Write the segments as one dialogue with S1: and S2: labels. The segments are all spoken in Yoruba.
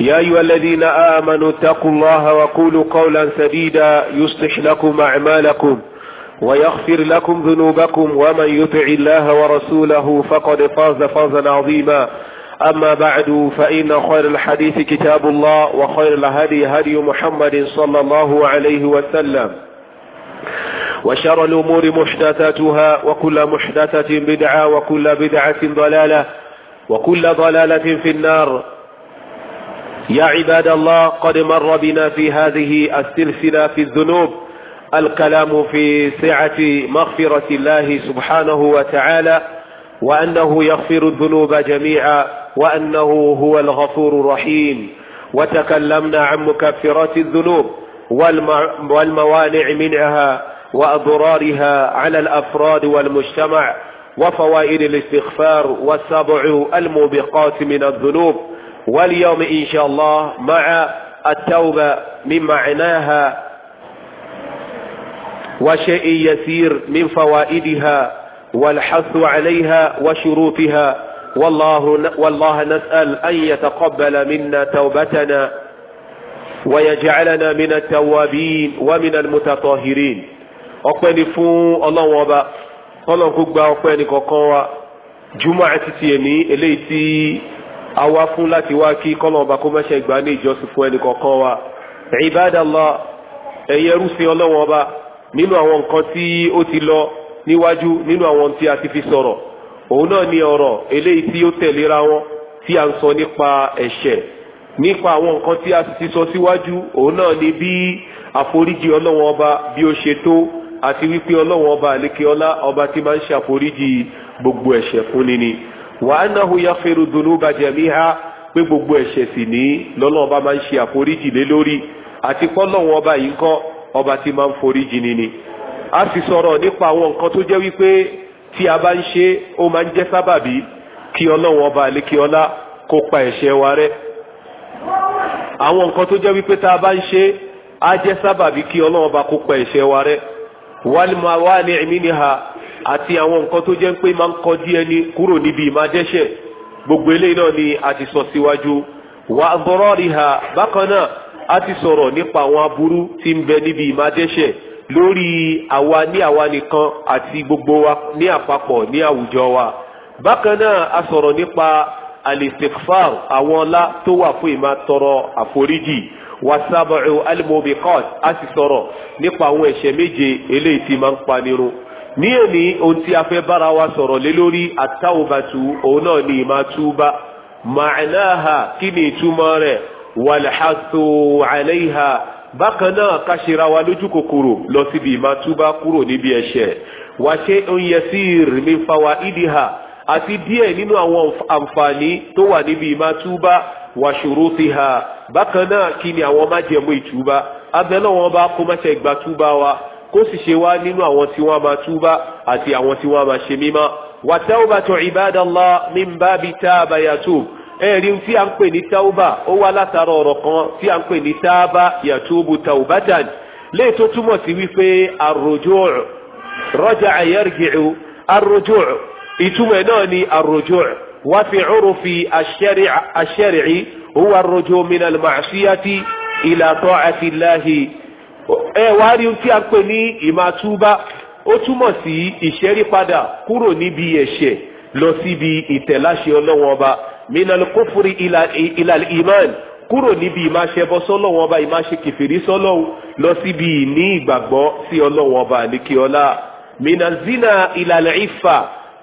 S1: يا أيها الذين آمنوا اتقوا الله وقولوا قولا سديدا يصلح لكم أعمالكم ويغفر لكم ذنوبكم ومن يطع الله ورسوله فقد فاز فوزا عظيما أما بعد فإن خير الحديث كتاب الله وخير الهدي هدي محمد صلى الله عليه وسلم وشر الأمور محدثاتها وكل محدثة بدعة وكل بدعة ضلالة وكل ضلالة في النار يا عباد الله قد مر بنا في هذه السلسلة في الذنوب الكلام في سعة مغفرة الله سبحانه وتعالى وأنه يغفر الذنوب جميعا وأنه هو الغفور الرحيم وتكلمنا عن مكفرات الذنوب والموانع منها وأضرارها على الأفراد والمجتمع وفوائد الاستغفار والسبع الموبقات من الذنوب واليوم إن شاء الله مع التوبة من معناها وشيء يسير من فوائدها والحث عليها وشروطها والله والله نسأل أن يتقبل منا توبتنا ويجعلنا من التوابين ومن المتطهرين ọpẹ́ فو الله وبا الله ọlọ́run kó كوكوا جمعة ẹnì اللي تي a wá fún láti wá kí kọ́lọ̀ ọba kó mẹ́ṣẹ̀ gbà ní ìjọsìn fún ẹnì kọ̀ọ̀kan wa Ibadallah ẹ̀yẹ rúsìn ọlọ́wọ́n ọba nínú àwọn nǹkan tí ó ti lọ níwájú nínú àwọn tí a ti fi sọ̀rọ̀ òun náà ni ọ̀rọ̀ eléyìí tí ó tẹ̀léra wọn tí a ń sọ nípa ẹ̀ṣẹ̀ nípa àwọn nǹkan tí a ti sọ síwájú òun náà ni bí àforíjì ọlọ́wọ́n ọba bí ó ṣe tó àti wípé ọlọ́wọ́n ọba àlékeọlá ọba tí máa ń ṣàforíjì gbogbo ẹ̀ṣẹ̀ fúnni ni. ni wa annahu yaghfiru dhunuba jami'a pé gbogbo ẹ̀ṣẹ̀ sì ní lọ́lọ́ọ̀bá máa ń ṣe àforíjì lé lórí àti ọba yìí kọ́ ọba tí máa ń foríjì ni a sì sọ̀rọ̀ nípa àwọn nǹkan tó jẹ́ wípé tí a bá ń ṣe ó máa ń jẹ́ sábàbí kí ọba kó pa ẹ̀ṣẹ̀ wa àwọn nǹkan tó jẹ́ wípé tá a bá ń ṣe á jẹ́ sábàbí kí ọba kó pa ẹ̀ṣẹ̀ wa àti àwọn nǹkan tó jẹ́ pé máa ń kọ́ díẹ̀ ní kúrò níbi ìmádẹ́ṣẹ̀ gbogbo eléyìí náà ni a ti sọ síwájú wà bọ́rọ́rìhà bákan náà a ti sọ̀rọ̀ nípa àwọn aburú tí ń bẹ níbi ìmádẹ́ṣẹ̀ lórí àwa ní àwa nìkan àti gbogbo wa ní àpapọ̀ ní àwùjọ wa bákan náà a sọ̀rọ̀ nípa alistikfar àwọn ọlá tó wà fún ìmá tọrọ àforíjì wasabu alimobiqat a ti sọ̀rọ̀ nípa àwọn ẹ̀ṣẹ̀ méje eléyìí tí máa ń pa nírun ní èní ohun tí a fẹ́ bára wa sọ̀rọ̀ lé lórí àtàwùbàtù òun náà ni ìmá túbá màánáha kí ni ìtumọ̀ rẹ̀ wàlhásù àlẹ́yìhà bákan náà káṣíra wa lójú kòkòrò lọ síbi ìmá túbá kúrò níbi ẹ̀ṣẹ̀ wà ṣe ń yẹ sí ìrìnmi fáwa ìdíhà àti díẹ̀ nínú àwọn àǹfààní tó wà níbi ìmá túbá wà ṣòro ti hà bákan náà kí ni àwọn májẹ̀mú ìtúbá abẹ́ náà wọn bá kó má ṣe ìgbà wa kó sì ṣe wá nínú àwọn tí wọ́n máa túbá àti àwọn tí wọ́n máa ṣe mímọ́ wa tawbatu ibadallah min babi taaba yatub ẹ̀rí tí a ń pè ní tauba ó wá látara ọ̀rọ̀ kan tí a ń pè ní taaba yatubu taubatan léè tó túmọ̀ sí wípé arrojú' raja'a yarji'u arrojú' ìtumọ̀ náà ni arrojú' wá fi urufi ash-shari'i huwa arrojú' min al-ma'siyati ila ta'ati llahi ẹ wá rí tí a pè ní ìmàtúbá ó túmọ̀ sí ìṣẹ́rípadà kúrò níbi ẹ̀ṣẹ̀ lọ síbi ìtẹ̀láṣẹ ọlọ́wọ́n ọba minal kófúri ilal iman kúrò níbi ìmáṣẹbọ sọ́lọ́wọ́n ọba ìmáṣe kẹfìrí sọ́lọ́wọ́ lọ síbi ìní ìgbàgbọ́ sí ọlọ́wọ́n ọba àníkíọ́lá minal zina ilal ifa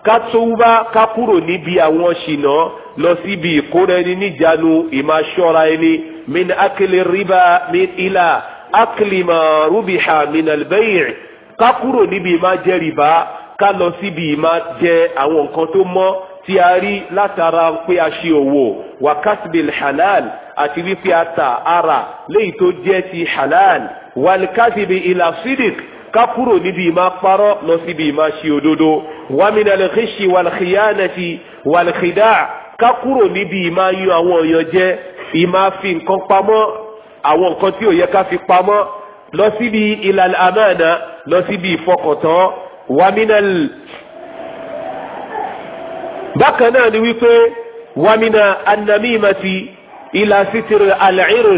S1: kátówá ká kúrò níbi àwọn ṣìnà lọ síbi ìkóra ẹni níjànú ìmáṣọ́ra ẹni min akele riba min ila akilima rubiha minalbẹ́yìn ká kúrò níbi ìmá jẹ rìbá ká lọ síbi ìmá jẹ àwọn nǹkan tó mọ́ tí a rí látara pé a ṣe òwò wa kasbil halal àti wípé a ta ara léyìí tó jẹ́ ti halal walkasibi ila sidik ká kúrò níbi ìmá parọ́ lọ síbi ìmá ṣe òdodo waminal khishi walkhiyanati walkhida ká kúrò níbi ìmá yan àwọn èèyàn jẹ ìmá nǹkan pamọ́ àwọn nǹkan tí ò yẹ ká fi pamọ́ lọ síbi ìlànà àmàna lọ síbi ìfọkàntán wàmínà bákan náà ni wípé wàmínà anamímati ìlà sítìrì àlẹ́rì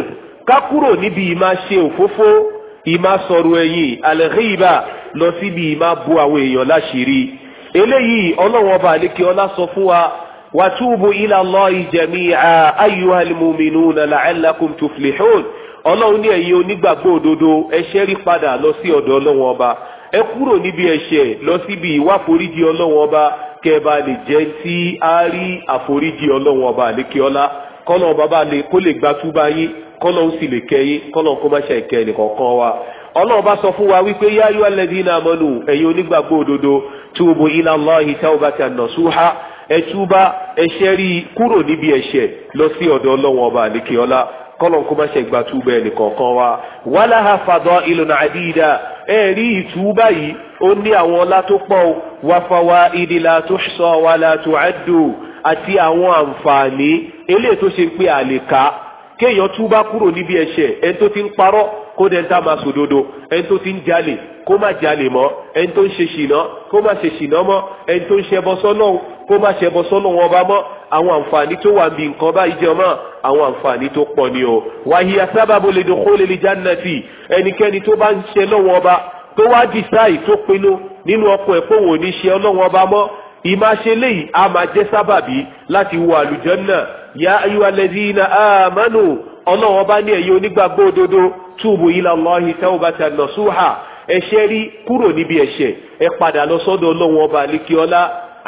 S1: ká kúrò níbi ìmá ṣe òfófó ìmá sọ̀rọ̀ ẹ̀yìn àlẹ́rìíbà lọ síbi ìmá bu àwọn èèyàn láṣìírí eléyìí ọlọ́wọ́n àlékè ọlá sọ fún wa wàtúbù ilà Allahi jami'a ayyuhal mu'minuna la'allakum tuflihun ọlọ́run ní ẹ̀yin onígbàgbọ́ òdodo ẹ ṣẹ́rí padà lọ sí ọ̀dọ̀ ọlọ́run ọba ẹ kúrò níbi ẹ̀ṣẹ̀ lọ síbi ìwà ọlọ́run ọba kẹba lè jẹ́ tí a rí àforíjì ọlọ́run ọba àlékeọ́lá kọ́lọ́ bàbá lè kó lè gba túbá yín kọ́lọ́ ó sì wa ọlọ́run sọ fún wa wípé yáyọ́ ẹ̀yin onígbàgbọ́ ẹ túbá ẹ ṣẹ́rí kúrò níbi ẹ̀ṣẹ̀ lọ sí ọ̀dọ̀ ọlọ́wọ́n ọba àlekè ọlá kọ́lọ̀ kó má ṣe gba túbọ̀ ẹnì kọ̀ọ̀kan wa wàláhà fàdọ́ ìlànà àdìdá ẹ rí ìtúbà yìí ó ní àwọn ọlá tó pọ̀ wàfàwà ìdìlà tó sọ wàlà tó àdó àti àwọn àǹfààní eléyìí tó ṣe pé àlèkà kéèyàn túbá kúrò níbi ẹ̀ṣẹ̀ ẹni tó ti ń parọ́ kó dẹ́ńtà máa sòdodo ẹni tó ti ń jalè kó má jalè mọ́ ẹni tó ń ṣe ṣìnà kó má ṣe ṣìnà mọ́ ẹni tó ń ṣẹbọ sọ́nà kó má ṣẹbọ sọ́nà wọn bá mọ́ àwọn àǹfààní tó wà bí nǹkan báyìí jẹ́ mọ́ àwọn àǹfààní tó pọ̀ ni o. wàhíyà sábàbò lè dùn kó lè lè jannati ẹnikẹ́ni tó bá ń ṣe lọ́wọ́ ọba tó wá dìsáì tó pinnu nínú ọkọ̀ ẹ̀ pé òun ò ní ṣe ọlọ́wọ́ ọba mọ́ ìmáṣe léyìí a máa jẹ́ sábàbí láti wọ àlùjànnà ya ayyuhalladhina amanu ọlọ́wọ́ bá ní ẹ̀yẹ onígbàgbọ́ òdodo túbù ila Allahi tawbatan nasuha ẹ̀ṣẹ̀ rí kúrò níbi ẹ̀ṣẹ̀ ẹ padà lọ sọ́dọ̀ ọlọ́run ọba àlekíọ́lá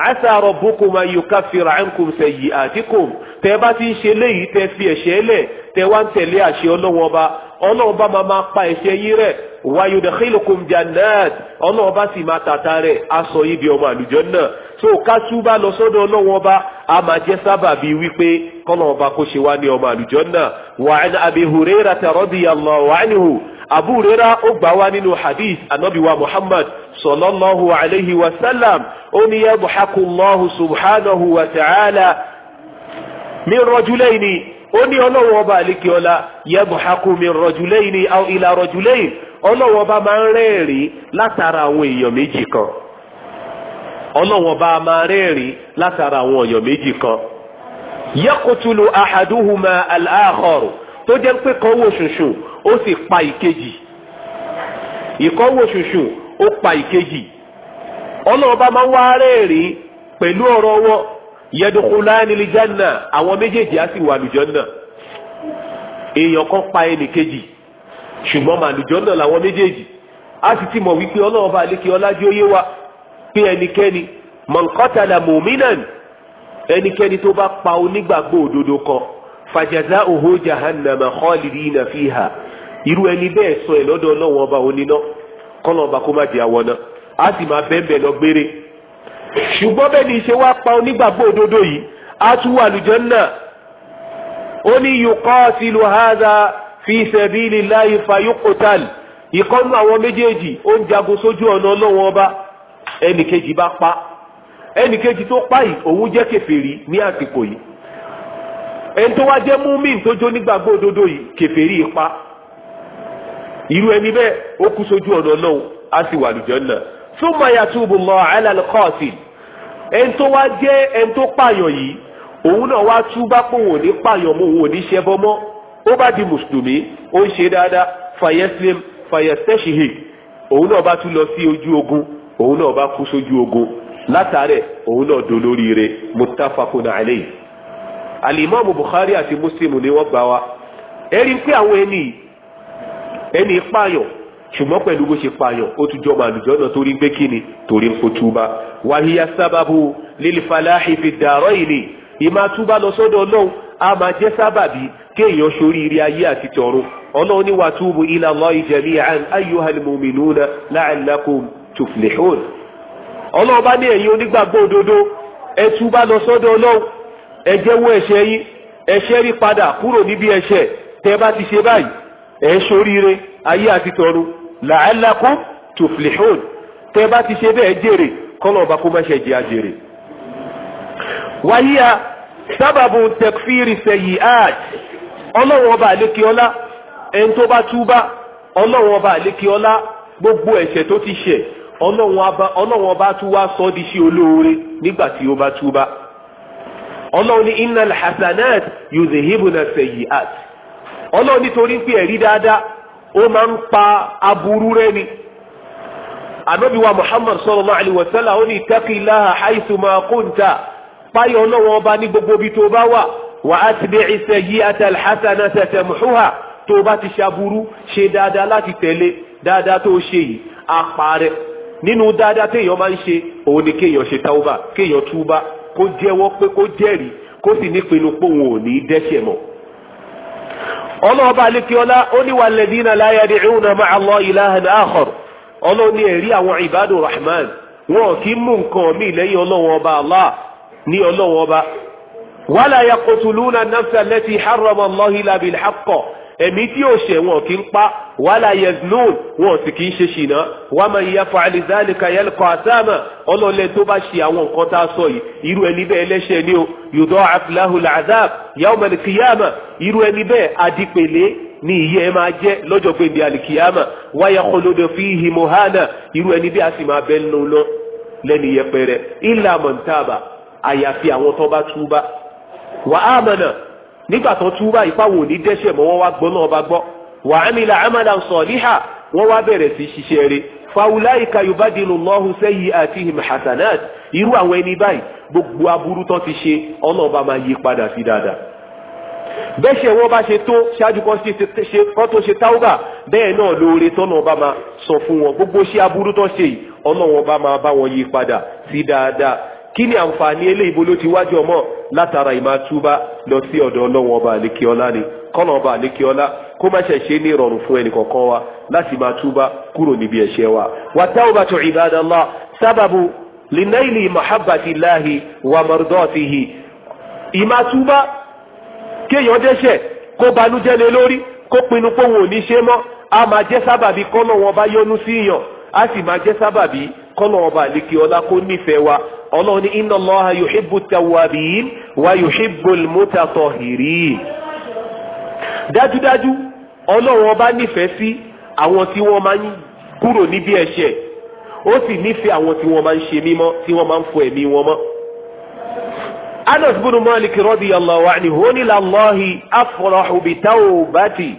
S1: asa rabbukum an yukaffira ankum sayyi'atikum tẹ bá ti ń ṣe léyìí tẹ fi ẹ̀ṣẹ̀ lẹ̀ tẹ wá ń tẹ̀lé àṣẹ ọlọ́run ọba ọlọ́run bá máa máa pa ẹ̀ṣẹ̀ yín rẹ́ wa yudkhilukum jannat ọlọ́run bá sì máa tàta rẹ̀ aṣọ yìí di ọmọ àlùjánnà tó kásúbà lọ sọ́dọ̀ ọlọ́run ọba a máa jẹ́ sábàbí wípé kọ́lọ́run ọba kó ṣe wá ní ọmọ àlùjánnà wa an abi hurayrata radiyallahu anhu abu rera ó gbà wá nínú hadith anabi wa muhammad sallallahu alayhi wa sallam ó ní yadhaku allahu subhanahu wa ta'ala min rajulaini ó ní ọlọ́wọ́ ọba àlekíọ́lá yadhaku min rajulaini aw ila rajulaini ọlọ́wọ́ ọba máa ń rẹ́ẹ̀rí látara àwọn èèyàn méjì kan ọlọ́wọ́ ọba máa rẹ́ẹ̀rí látara àwọn èèyàn méjì kan yaqtulu ahaduhuma al-akhar tó jẹ́ pé kan wò ṣùṣù ó sì pa ìkejì ìkọ́wò ṣùṣù ó pa ìkejì ọlọ́ọ̀bá máa ń wá rẹ́ẹ̀rín pẹ̀lú ọ̀rọ̀ wọn yẹdukulani lijanna àwọn méjèèjì á sì wà lùjọ́nà èèyàn kan pa ẹnì kejì ṣùgbọ́n màlùjọ́nà làwọn méjèèjì á sì ti mọ̀ wípé ọlọ́ọ̀bá àlékè ọlájú ó yé wa pé ẹnikẹ́ni mọ̀nkọ́tàlà mùmínàn ẹnikẹ́ni tó bá pa onígbàgbọ́ òdodo kan fàjàzá òhó jahannama irú ẹni bẹ́ẹ̀ sọ ẹ̀ lọ́dọ̀ ọlọ́wọ́n ọba oníná kọ́nà ọba kó má di àwọn náà á sì máa bẹ́ẹ̀ lọ gbére ṣùgbọ́n bẹ́ẹ̀ ni ṣe wá pa onígbàgbọ́ òdodo yìí á tún wà lùjànnà ó ní yuqatilu hadha fi sabilillahi fayuqtal ìkọ́nú àwọn méjèèjì ó ń jagun sójú ọ̀nà ọlọ́wọ́n ọba ẹnìkejì bá pa ẹnìkejì tó pa yìí òun jẹ́ kèfèrí ní àsìkò yìí ẹni tó wá jẹ́ múmin tó jó nígbàgbọ́ òdodo yìí kèfèrí pa irú ẹni bẹ́ẹ̀ ó kú sójú ọ̀nà náà á sì wà lùjọ́ náà thumma yatubu Allah ala al-qatil ẹni tó wá jẹ́ ẹni tó pààyàn yìí òun náà wá túbá pé òun ò ní pààyàn mọ́ òun ò ní ṣẹbọ mọ́ ó bá di mùsùlùmí ó ń ṣe dáadáa fayeslim fayesteshihi òun náà bá tún lọ sí ojú ogun òun náà bá kú sójú ogun látàrẹ òun náà dolóríire muttafaqun alayhi alimami Bukhari àti Muslim ni wọ́n gbà wá ẹ̀rí pé àwọn ẹni yìí ẹni pààyàn ṣùgbọ́n pẹ̀lú bó ṣe pààyàn ó tún jọ màlùjọ́ náà torí ń gbé kíni torí ń kó túbá wàhíyá sábàbù lílifàláhì fi dàrọ́ ìní ìmá túbá lọ sọ́dọ̀ ọlọ́run a máa jẹ́ sábàbí kéèyàn sórí ire ayé àti tọ̀run ọlọ́run ní wàtúbù ilà Allahi jami'an ayyuhal mu'minuna la'allakum tuflihun ọlọ́run bá ní ẹ̀yin onígbàgbọ́ òdodo ẹ túbá lọ ẹ̀ ṣoríire ayé àti tọ̀run la'allakum tuflihun tẹ́ bá ti ṣe bẹ́ẹ̀ jèrè kọ́nà ọba kó má ṣe jẹ́ àjèrè. wáyíà sábàbù tẹkfírì ọba àlékiọ́lá ẹni tó bá túbá ọlọ́run ọba àlékiọ́lá gbogbo ẹ̀ṣẹ̀ tó ti ṣẹ̀ ọlọ́run ọba tún wá sọ di sí olóore nígbà tí ó bá túbá ọlọ́run ní innal hasanat yudhibuna sayyi'at ọlọ́run nítorí pé ẹ̀rí dáadáa ó máa ń pa aburú rẹ ni anabi wa muhammad sallallahu alayhi wa sallam ó ní ittaqillaha haythu ma kunta páyọ̀ ọlọ́run ọba ní gbogbo ibi tó bá wà wa atbi'i sayyi'ata alhasanata tamhuha tó o bá ti ṣe aburú ṣe dáadáa láti tẹ̀lé dáadáa tó ṣe yìí apá nínú dáadáa téèyàn máa ń ṣe òun ni kéèyàn ṣe tauba kéèyàn túbá kó jẹ́wọ́ pé kó jẹ́rìí kó sì nípinnu pé òun ò ní dẹ́ṣẹ̀ mọ́ ọlọ́ọ̀bá alekiola oníwàlẹ́dínà láyàdé ìhùnà máa lọ ìlàhàn àhọ̀r ọlọ́ọ̀ni ẹ̀rí àwọn ìbádù rahman wọn kì í mú nǹkan mi lẹ́yìn ọlọ́wọ́n ọba allah ní ọlọ́wọ́n ọba wàlàyà kòtùlùnà nàfṣà lẹ́tì hàrọ̀mọ́ lọ́hìlà bìlhàkọ̀ ẹ̀mí tí ó ṣẹ̀ wọn kì í pa wàhálà yaznun wọn sì kì í ṣe ṣìnà wa man yaf'al dhalika yalqa àtàmà ọlọ́lẹ̀ tó bá ṣe àwọn nǹkan tá a sọ yìí irú ẹni bẹ́ẹ̀ ẹlẹ́ṣẹ̀ ni o yudha'af lahu al-'adhab yawm al-qiyama irú ẹni bẹ́ẹ̀ adìpèlé ní ìyẹ́ ẹ máa jẹ́ lọ́jọ́ pé ní wáyà kọlódò fi himu hànà irú ẹni bí a sì máa bẹ́ nínú lọ lẹ́nu yẹpẹrẹ ilà mọ̀ntàbà àyàfi àwọn tó bá túbà wà á mọ̀nà nígbà tó tú báyìí fáwọn òní dẹ́ṣẹ̀ mọ́ wọ́n wá gbọ́ náà bá gbọ́ wa amila amalan saliha wọ́n wá bẹ̀rẹ̀ sí ṣiṣẹ́ rẹ̀ fàwùláìka yubadilu lọ́hùn sẹ́yìn àti hasanat irú àwọn ẹni báyìí gbogbo aburú tó ti ṣe ọlọ́ọ̀bá máa yí padà sí dáadáa. bẹ́ẹ̀ ṣe wọ́n bá ṣe tó ṣáájú kan tó ṣe táwùbà bẹ́ẹ̀ náà lóore tọ́nà ọba máa sọ fún wọn gbogbo ṣe aburú tó ṣe yìí ọlọ́wọ́n bá máa bá wọn yí padà sí dáadáa kí ni àǹfààní eléyìí bó ló ti wájú ọmọ látara ìmàtúbà lọ sí ọ̀dọ̀ ọlọ́wọ́n ọba àlékiọlá ni kọ́nà ọba àlékiọlá kó má ṣe ṣe ní ìrọ̀rùn fún ẹnì kọ̀ọ̀kan wa láti máa túbà kúrò níbi ẹ̀ṣẹ̀ wa. wa tawbatu ibadallah sábàbù linaili mahabbatillahi wa mardatihi ìmàtúbà kéèyàn dẹ́ṣẹ̀ kó banújẹ́ lé lórí kó pinnu pé òun ò ní ṣe mọ́ a máa jẹ́ sábàbí kọ́nà wọn bá yọ́nú sí a sì máa jẹ́ sábàbí kọ́nà ọba àlékiọlá kó nífẹ̀ẹ́ wa ọlọ́run ní inna Allaha yuhibbu tawabin wa yuhibbu almutatahirin. dájúdájú ọlọ́run ọba nífẹ̀ẹ́ sí àwọn tí wọ́n máa ń kúrò níbi ẹ̀ṣẹ̀ ó sì nífẹ̀ẹ́ àwọn tí wọ́n máa ń ṣe mímọ́ tí wọ́n máa ń fọ ẹ̀mí wọn mọ́. Anas bin Malik radiyallahu anhu ó ní lallahi afrahu bitawbati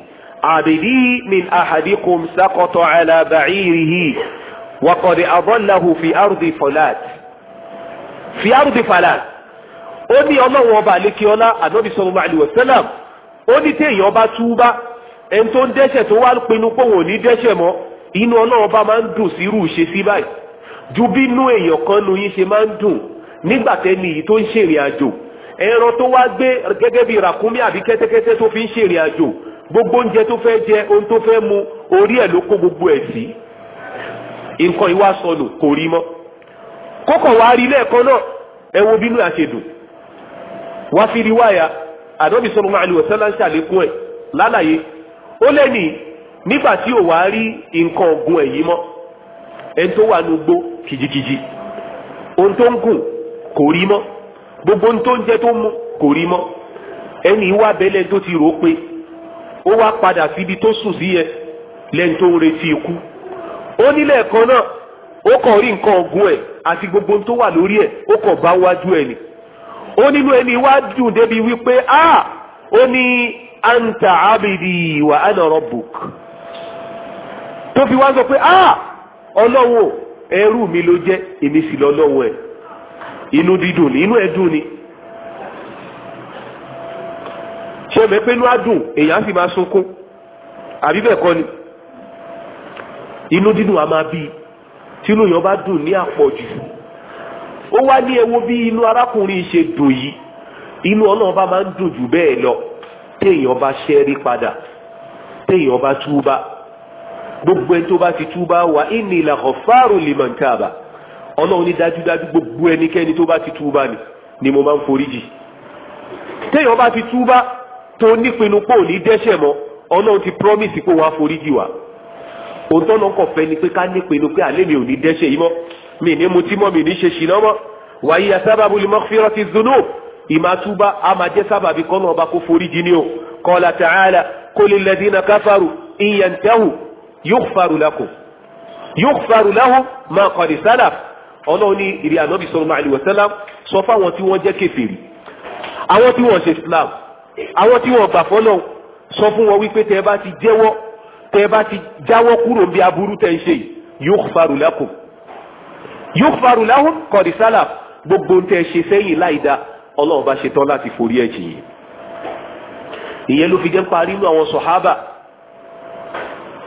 S1: abdi min ahadikum saqata ala ba'irihi wa qad fi ardi fulat fi arúgbó falà ó ní ọlọ́run ọba àlékiọlá ànábì sallallahu alaihi wasallam ó ní téèyàn bá túbá ẹni tó ń dẹ́ṣẹ̀ tó wá pinnu pé òun ò ní dẹ́ṣẹ̀ mọ́ inú ọlọ́run ọba máa ń dùn sí irú ṣe sí báyìí ju bí inú èèyàn kan nu yín ṣe máa ń dùn nígbà tẹ́ni yìí tó ń ṣèrìn àjò ẹran tó wá gbé gẹ́gẹ́ bí ràkúnmí àbí kẹ́tẹ́kẹ́tẹ́ tó fi ń ṣèrìn àjò gbogbo oúnjẹ tó Koko wa rí lẹ́ẹ̀kan náà ẹ wo bínú àṣedùn wá fi rí wáyà ànábì sallallahu alaihi wasallam ń ṣàlékún ẹ̀ lálàyé ó lẹ́nì nígbà tí ò wá rí nǹkan ọ̀gùn ẹ̀ yìí mọ́ ẹni tó wà ní gbó ohun tó ń gùn kò rí gbogbo ohun tó ń jẹ tó mú kò rí mọ́ ẹni wá tó ti rò pé ó wá padà síbi tó sùn sí tó ń retí ó kàn rí nǹkan ọ̀gùn ẹ̀ àti gbogbo tó wà lórí ẹ̀ ó kàn bá wájú ẹ̀ ni ó nínú ẹni wá dùn débi wípé a ah! ó ní anta abidi wa ana rabbuk tó fi wá sọ pé a ah! ọlọ́wọ́ ẹrú mi ló jẹ́ èmi sì lọ́lọ́wọ́ ẹ̀ inú dídùn ni inú ẹ̀ dùn ni ṣé mẹ́pẹ́ inú á dùn èèyàn á sì máa sunkún àbí bẹ́ẹ̀ kọ́ ni inú dídùn á máa bí tínú yẹn bá dùn ní àpọ̀jù ó wá ní ẹ wo bí inú arákùnrin ṣe dùn yìí inú ọlọ́run bá máa ń dùn jù bẹ́ẹ̀ lọ téèyàn bá ṣẹ́rí padà téèyàn bá túbá gbogbo ẹni tó bá ti túbá wà inni la ghafaru liman ọlọ́run ní dájúdájú gbogbo ẹnikẹ́ni tó bá ti túbá ni ni mo máa ń foríjì téèyàn bá ti túbá tó nípinnu pò ní dẹ́ṣẹ̀ mọ́ ọlọ́run ti promise pé wàá foríjì wa òótọ́ náà kọ̀ fẹ́ ni pé ká ní pinnu pé àlẹ́ mi ò ní dẹ́ṣẹ̀ yìí mọ́ mi ní mutí mọ́ mi ní ṣe ṣìnà mọ́ wàyí asábàbù lè mọ́ fírọ́ ti zunú ìmàtúbà a máa sábàbí kọ́ náà bá forí jì ní o qala ta'ala qul lilladhina káfàrù ìyẹ̀ntẹ́hù yughfaru lakum yughfaru lahum ma qad salaf ọlọ́run ní ìrì ànábì sallallahu alaihi wasallam sọ fáwọn tí wọ́n jẹ́ kèfèrí àwọn tí wọ́n ṣe islam àwọn tí wọ́n gbà fọ́lọ́ sọ fún wọn wípé tẹ́ bá ti jẹ́wọ́ tẹ́ bá ti jáwọ́ kúrò bí aburú tẹ́ ń ṣe yughfaru lakum yughfaru lahum qad salaf gbogbo tẹ́ ṣe sẹ́yìn láìda ọlọ́run bá ṣe tán láti forí ẹ̀ jì ìyẹn ló fi jẹ́ parí nínú àwọn sọ̀hábà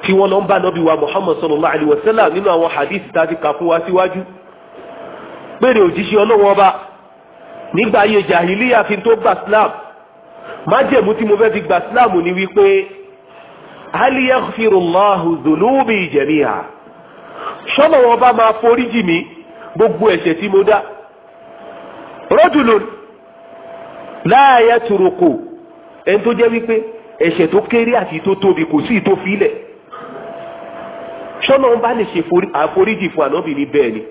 S1: tí wọ́n lọ ń bá nọ́bí wa muhammad sallallahu alayhi wa sallam nínú àwọn hadith tá a ti kà fún wa síwájú péré òjíṣẹ́ ọlọ́wọ́ ọba nígbà ayé jahiliya fi tó gbà slam májẹ̀mú tí mo fẹ́ fi gbà slam ni wípé hali yaghfirullahu dhunubi jami'a ṣọ́nà wọn bá máa forí jì mí gbogbo ẹ̀ṣẹ̀ tí mo dá rọ́dùlùn la yatruku ẹni tó jẹ́ wípé ẹ̀ṣẹ̀ tó kéré àti tó tóbi kò sí tó filẹ̀ ṣọ́nà wọn bá lè ṣe àforíjì fún ànábì ní ni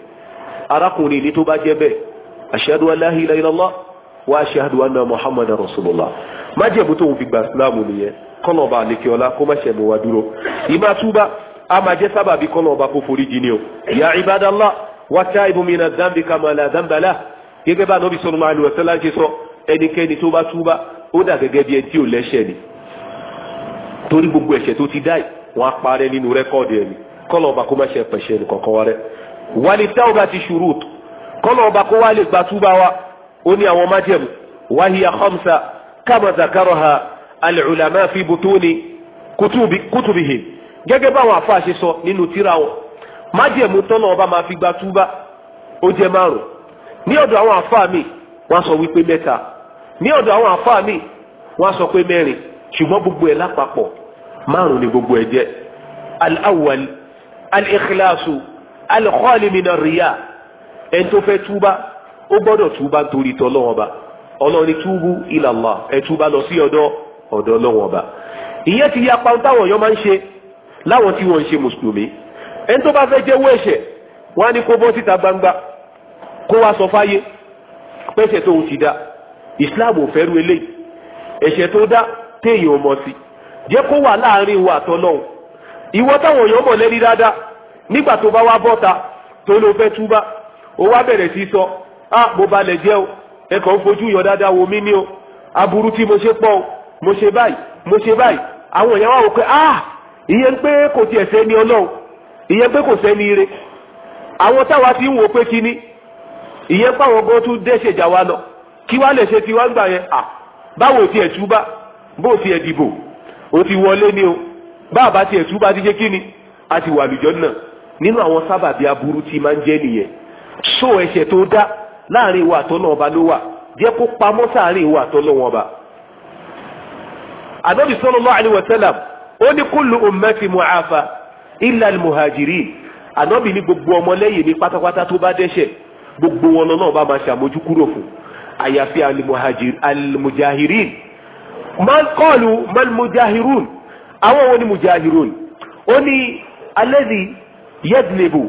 S1: arákùnrin ní tó bá jẹ́ bẹ́ẹ̀ ashhadu an la ilaha wa ashahadu anna muhammadan rasulullah májẹ̀mú tóun fi gbà sílámù nìyẹn kọ́nà ọba àlekèọlá kó má wa dúró ìmá túbá a máa jẹ́ sábàbí kọ́nà ọba kó forí o ya ibadala wa taibu mina kama la dhanba bá nọ́bí sọ́nù máa lù ọ̀sẹ́ sọ ẹnikẹ́ni tó bá túbá ó dà gẹ́gẹ́ bí ò ni torí gbogbo tó ti dá á nínú ọba kó má ṣe wa wa ó ní àwọn májẹ̀mú wáhíyà khamsa kama zakaraha al-ulama fi butuni kutubi kutubihim gẹ́gẹ́ báwọn àfa ṣe sọ nínú tírà wọn májẹ̀mú tọ́nà ọba máa fi gba túbá ó jẹ́ márùn ní ọ̀dọ̀ àwọn àfa mi wọ́n sọ wípé mẹ́ta ní ọ̀dọ̀ àwọn àfa mi wọ́n sọ pé mẹ́rin ṣùgbọ́n gbogbo ẹ̀ lápapọ̀ márùn ni gbogbo ẹ̀ jẹ́ al-awwal al-ikhlasu ẹni tó fẹ́ túbá ó gbọ́dọ̀ túbá torí tọ́ lọ́wọ́n ba ọlọ́run ní túbú ila Allah ẹ túbá lọ sí ọ̀dọ̀ ọ̀dọ̀ lọ́wọ́n ba ìyẹn ti yapa táwọn èèyàn máa ń ṣe láwọn tí wọ́n ń ṣe mùsùlùmí ẹni tó bá fẹ́ jẹ́wọ́ ẹ̀ṣẹ̀ wọ́n á ní kó bọ́ síta gbangba kó wá sọ fáyé pẹ́sẹ̀ tóun ti dá Islam ò fẹ́rù eléyìí ẹ̀ṣẹ̀ tó dá téèyàn mọ̀ sí jẹ́ kó wà láàrin ìwà àtọ́lọ́hùn ìwọ táwọn èèyàn mọ̀ lẹ́ni dáadáa nígbà tó bá wá bọ́ta tó ló fẹ́ túbá ó wá bẹ̀rẹ̀ sí sọ ah mo balẹ̀ jẹ́ o ẹ kàn ń fojú yọ dáadáa wo mí ní o aburú tí mo ṣe pọ̀ o mo ṣe báyìí mo ṣe báyìí àwọn èèyàn wà wò pé ah ìyẹn pé kò tiẹ̀ sẹ́ni ọlọ́run ìyẹn pé kò sẹ́ni ire àwọn táwa ti ń wò pé kíní ìyẹn pé gan tún dẹ́ṣẹ̀ jà wá lọ kí wá lè ṣe ti wá gbà yẹn ah báwo tiẹ̀ túbà bó tiẹ̀ dìbò o ti wọlé ni o bá a bá tiẹ̀ túbà ti ṣe kíni a ti wà lùjọ́ náà nínú àwọn sábàbí aburú tí máa ń jẹ́ nìyẹn so ẹ̀ṣẹ̀ tó dá láàrin ìwà àtọ́nà ọba ló wà jẹ́ kó pamọ́ sáàrin ìwà àtọ́nà wọn ba. ànábì sallallahu alaihi wasallam ó ní kullu ummati mu'afa illa al-muhajirin ànábì ní gbogbo ọmọlẹ́yìn mi pátápátá tó bá dẹ́ṣẹ̀ gbogbo wọn lọ́nà ọba máa ṣàmójú kúrò fún àyàfi al-mujahirin man àwọn wo ni mujahirun ó ní alladhi yadnibu